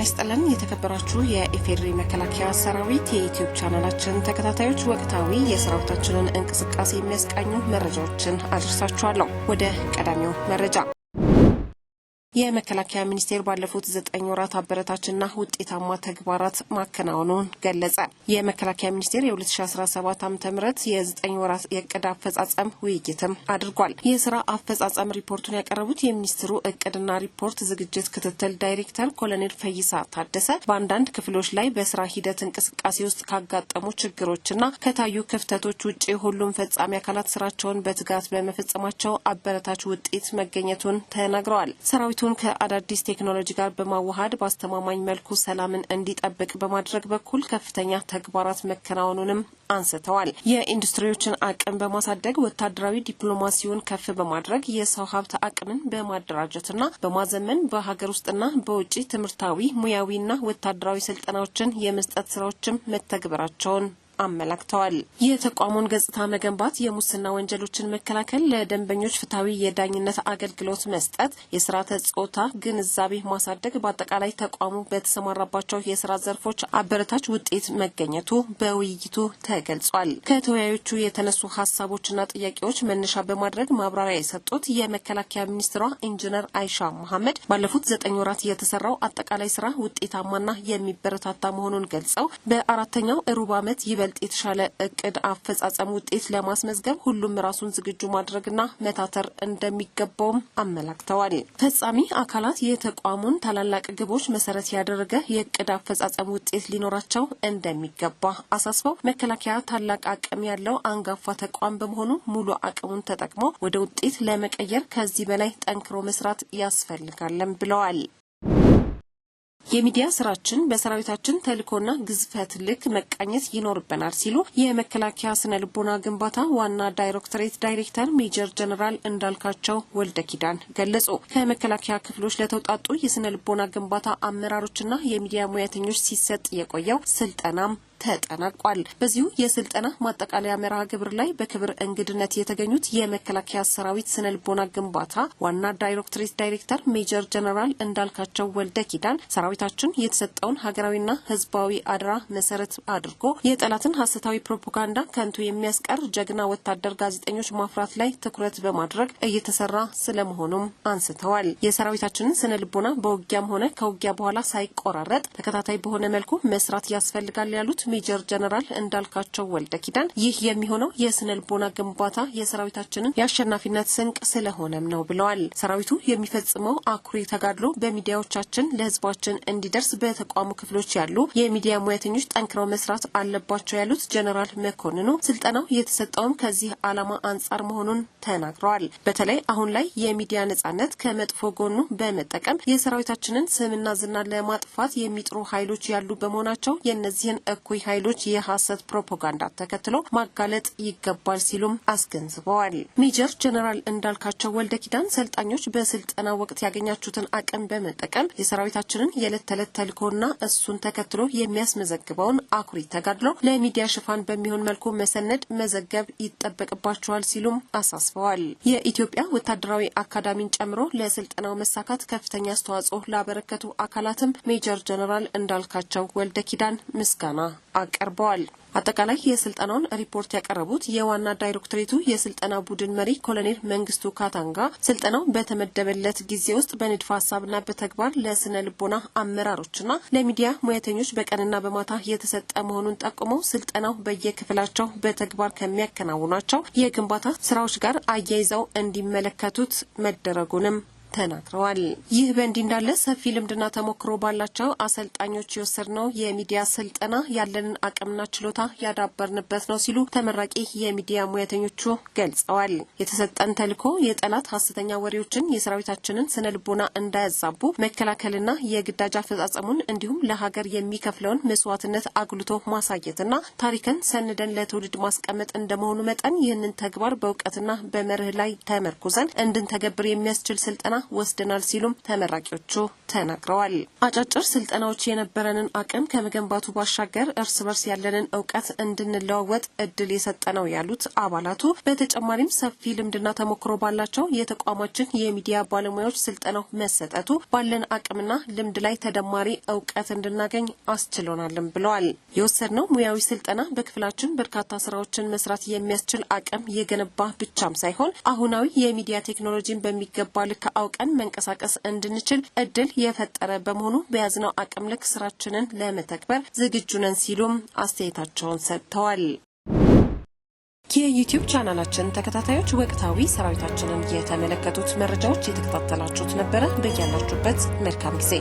ጤና ይስጥልን የተከበራችሁ የኢፌዴሪ መከላከያ ሰራዊት የዩትዩብ ቻናላችን ተከታታዮች ወቅታዊ የሰራዊታችንን እንቅስቃሴ የሚያስቃኙ መረጃዎችን አድርሳችኋለሁ። ወደ ቀዳሚው መረጃ የመከላከያ ሚኒስቴር ባለፉት ዘጠኝ ወራት አበረታችና ውጤታማ ተግባራት ማከናወኑን ገለጸ። የመከላከያ ሚኒስቴር የ2017 ዓ.ም የዘጠኝ ወራት የእቅድ አፈጻጸም ውይይትም አድርጓል። የስራ አፈጻጸም ሪፖርቱን ያቀረቡት የሚኒስትሩ እቅድና ሪፖርት ዝግጅት ክትትል ዳይሬክተር ኮሎኔል ፈይሳ ታደሰ በአንዳንድ ክፍሎች ላይ በስራ ሂደት እንቅስቃሴ ውስጥ ካጋጠሙ ችግሮችና ከታዩ ክፍተቶች ውጭ ሁሉም ፈጻሚ አካላት ስራቸውን በትጋት በመፈጸማቸው አበረታች ውጤት መገኘቱን ተናግረዋል። ሀገሪቱን ከአዳዲስ ቴክኖሎጂ ጋር በማዋሃድ በአስተማማኝ መልኩ ሰላምን እንዲጠብቅ በማድረግ በኩል ከፍተኛ ተግባራት መከናወኑንም አንስተዋል። የኢንዱስትሪዎችን አቅም በማሳደግ ወታደራዊ ዲፕሎማሲውን ከፍ በማድረግ የሰው ሀብት አቅምን በማደራጀትና በማዘመን በሀገር ውስጥና በውጭ ትምህርታዊ፣ ሙያዊና ወታደራዊ ስልጠናዎችን የመስጠት ስራዎችም መተግበራቸውን አመላክተዋል። የተቋሙን ገጽታ መገንባት፣ የሙስና ወንጀሎችን መከላከል፣ ለደንበኞች ፍትሐዊ የዳኝነት አገልግሎት መስጠት፣ የስርዓተ ጾታ ግንዛቤ ማሳደግ፣ በአጠቃላይ ተቋሙ በተሰማራባቸው የስራ ዘርፎች አበረታች ውጤት መገኘቱ በውይይቱ ተገልጿል። ከተወያዮቹ የተነሱ ሀሳቦችና ጥያቄዎች መነሻ በማድረግ ማብራሪያ የሰጡት የመከላከያ ሚኒስትሯ ኢንጂነር አይሻ መሐመድ ባለፉት ዘጠኝ ወራት የተሰራው አጠቃላይ ስራ ውጤታማና የሚበረታታ መሆኑን ገልጸው በአራተኛው ሩብ ዓመት ይበል ይበልጥ የተሻለ እቅድ አፈጻጸም ውጤት ለማስመዝገብ ሁሉም ራሱን ዝግጁ ማድረግና መታተር እንደሚገባውም አመላክተዋል። ፈጻሚ አካላት የተቋሙን ታላላቅ ግቦች መሰረት ያደረገ የእቅድ አፈጻጸም ውጤት ሊኖራቸው እንደሚገባ አሳስበው መከላከያ ታላቅ አቅም ያለው አንጋፋ ተቋም በመሆኑ ሙሉ አቅሙን ተጠቅሞ ወደ ውጤት ለመቀየር ከዚህ በላይ ጠንክሮ መስራት ያስፈልጋለን ብለዋል። የሚዲያ ስራችን በሰራዊታችን ተልእኮና ግዝፈት ልክ መቃኘት ይኖርብናል ሲሉ የመከላከያ ስነ ልቦና ግንባታ ዋና ዳይሬክቶሬት ዳይሬክተር ሜጀር ጀነራል እንዳልካቸው ወልደ ኪዳን ገለጹ። ከመከላከያ ክፍሎች ለተውጣጡ የስነ ልቦና ግንባታ አመራሮችና የሚዲያ ሙያተኞች ሲሰጥ የቆየው ስልጠናም ተጠናቋል። በዚሁ የስልጠና ማጠቃለያ መርሃ ግብር ላይ በክብር እንግድነት የተገኙት የመከላከያ ሰራዊት ስነልቦና ግንባታ ዋና ዳይሬክቶሬት ዳይሬክተር ሜጀር ጀነራል እንዳልካቸው ወልደ ኪዳን ሰራዊታችን የተሰጠውን ሀገራዊና ህዝባዊ አደራ መሰረት አድርጎ የጠላትን ሀሰታዊ ፕሮፓጋንዳ ከንቱ የሚያስቀር ጀግና ወታደር ጋዜጠኞች ማፍራት ላይ ትኩረት በማድረግ እየተሰራ ስለመሆኑም አንስተዋል። የሰራዊታችንን ስነ ልቦና በውጊያም ሆነ ከውጊያ በኋላ ሳይቆራረጥ ተከታታይ በሆነ መልኩ መስራት ያስፈልጋል ያሉት ሜጀር ጀነራል እንዳልካቸው ወልደ ኪዳን ይህ የሚሆነው ልቦና ግንባታ የሰራዊታችንን የአሸናፊነት ስንቅ ስለሆነም ነው ብለዋል። ሰራዊቱ የሚፈጽመው አኩሪ ተጋድሎ በሚዲያዎቻችን ለህዝባችን እንዲደርስ በተቋሙ ክፍሎች ያሉ የሚዲያ ሙያተኞች ጠንክረው መስራት አለባቸው ያሉት ጀነራል መኮንኑ ስልጠናው የተሰጠውም ከዚህ ዓላማ አንጻር መሆኑን ተናግረዋል። በተለይ አሁን ላይ የሚዲያ ነጻነት ከመጥፎ ጎኑ በመጠቀም የሰራዊታችንን ስምና ዝና ለማጥፋት የሚጥሩ ኃይሎች ያሉ በመሆናቸው የእነዚህን እኩይ ኃይሎች የሐሰት ፕሮፓጋንዳ ተከትሎ ማጋለጥ ይገባል ሲሉም አስገንዝበዋል። ሜጀር ጀነራል እንዳልካቸው ወልደ ኪዳን ሰልጣኞች በስልጠና ወቅት ያገኛችሁትን አቅም በመጠቀም የሰራዊታችንን የዕለት ተዕለት ተልእኮና እሱን ተከትሎ የሚያስመዘግበውን አኩሪ ተጋድሎ ለሚዲያ ሽፋን በሚሆን መልኩ መሰነድ፣ መዘገብ ይጠበቅባቸዋል ሲሉም አሳስበዋል። የኢትዮጵያ ወታደራዊ አካዳሚን ጨምሮ ለስልጠናው መሳካት ከፍተኛ አስተዋጽኦ ላበረከቱ አካላትም ሜጀር ጀነራል እንዳልካቸው ወልደ ኪዳን ምስጋና አቀርበዋል። አጠቃላይ የስልጠናውን ሪፖርት ያቀረቡት የዋና ዳይሬክቶሬቱ የስልጠና ቡድን መሪ ኮሎኔል መንግስቱ ካታንጋ ስልጠናው በተመደበለት ጊዜ ውስጥ በንድፈ ሀሳብና በተግባር ለስነ ልቦና አመራሮችና ለሚዲያ ሙያተኞች በቀንና በማታ የተሰጠ መሆኑን ጠቁመው ስልጠናው በየክፍላቸው በተግባር ከሚያከናውኗቸው የግንባታ ስራዎች ጋር አያይዘው እንዲመለከቱት መደረጉንም ተናግረዋል። ይህ በእንዲህ እንዳለ ሰፊ ልምድና ተሞክሮ ባላቸው አሰልጣኞች የወሰድነው የሚዲያ ስልጠና ያለንን አቅምና ችሎታ ያዳበርንበት ነው ሲሉ ተመራቂ የሚዲያ ሙያተኞቹ ገልጸዋል። የተሰጠን ተልዕኮ የጠላት ሀሰተኛ ወሬዎችን የሰራዊታችንን ስነ ልቦና እንዳያዛቡ መከላከልና የግዳጅ አፈጻጸሙን እንዲሁም ለሀገር የሚከፍለውን መስዋዕትነት አጉልቶ ማሳየትና ታሪክን ሰንደን ለትውልድ ማስቀመጥ እንደመሆኑ መጠን ይህንን ተግባር በእውቀትና በመርህ ላይ ተመርኩዘን እንድንተገብር የሚያስችል ስልጠና ወስደናል ሲሉም ተመራቂዎቹ ተናግረዋል። አጫጭር ስልጠናዎች የነበረንን አቅም ከመገንባቱ ባሻገር እርስ በርስ ያለንን እውቀት እንድንለዋወጥ እድል የሰጠ ነው ያሉት አባላቱ በተጨማሪም ሰፊ ልምድና ተሞክሮ ባላቸው የተቋማችን የሚዲያ ባለሙያዎች ስልጠናው መሰጠቱ ባለን አቅምና ልምድ ላይ ተደማሪ እውቀት እንድናገኝ አስችሎናልም ብለዋል። የወሰድነው ሙያዊ ስልጠና በክፍላችን በርካታ ስራዎችን መስራት የሚያስችል አቅም የገነባ ብቻም ሳይሆን አሁናዊ የሚዲያ ቴክኖሎጂን በሚገባ ልክ አውቀን መንቀሳቀስ እንድንችል እድል የፈጠረ በመሆኑ በያዝነው አቅም ልክ ስራችንን ለመተግበር ዝግጁ ነን ሲሉም አስተያየታቸውን ሰጥተዋል። የዩቲዩብ ቻናላችን ተከታታዮች ወቅታዊ ሰራዊታችንን የተመለከቱት መረጃዎች የተከታተላችሁት ነበረ። በያላችሁበት መልካም ጊዜ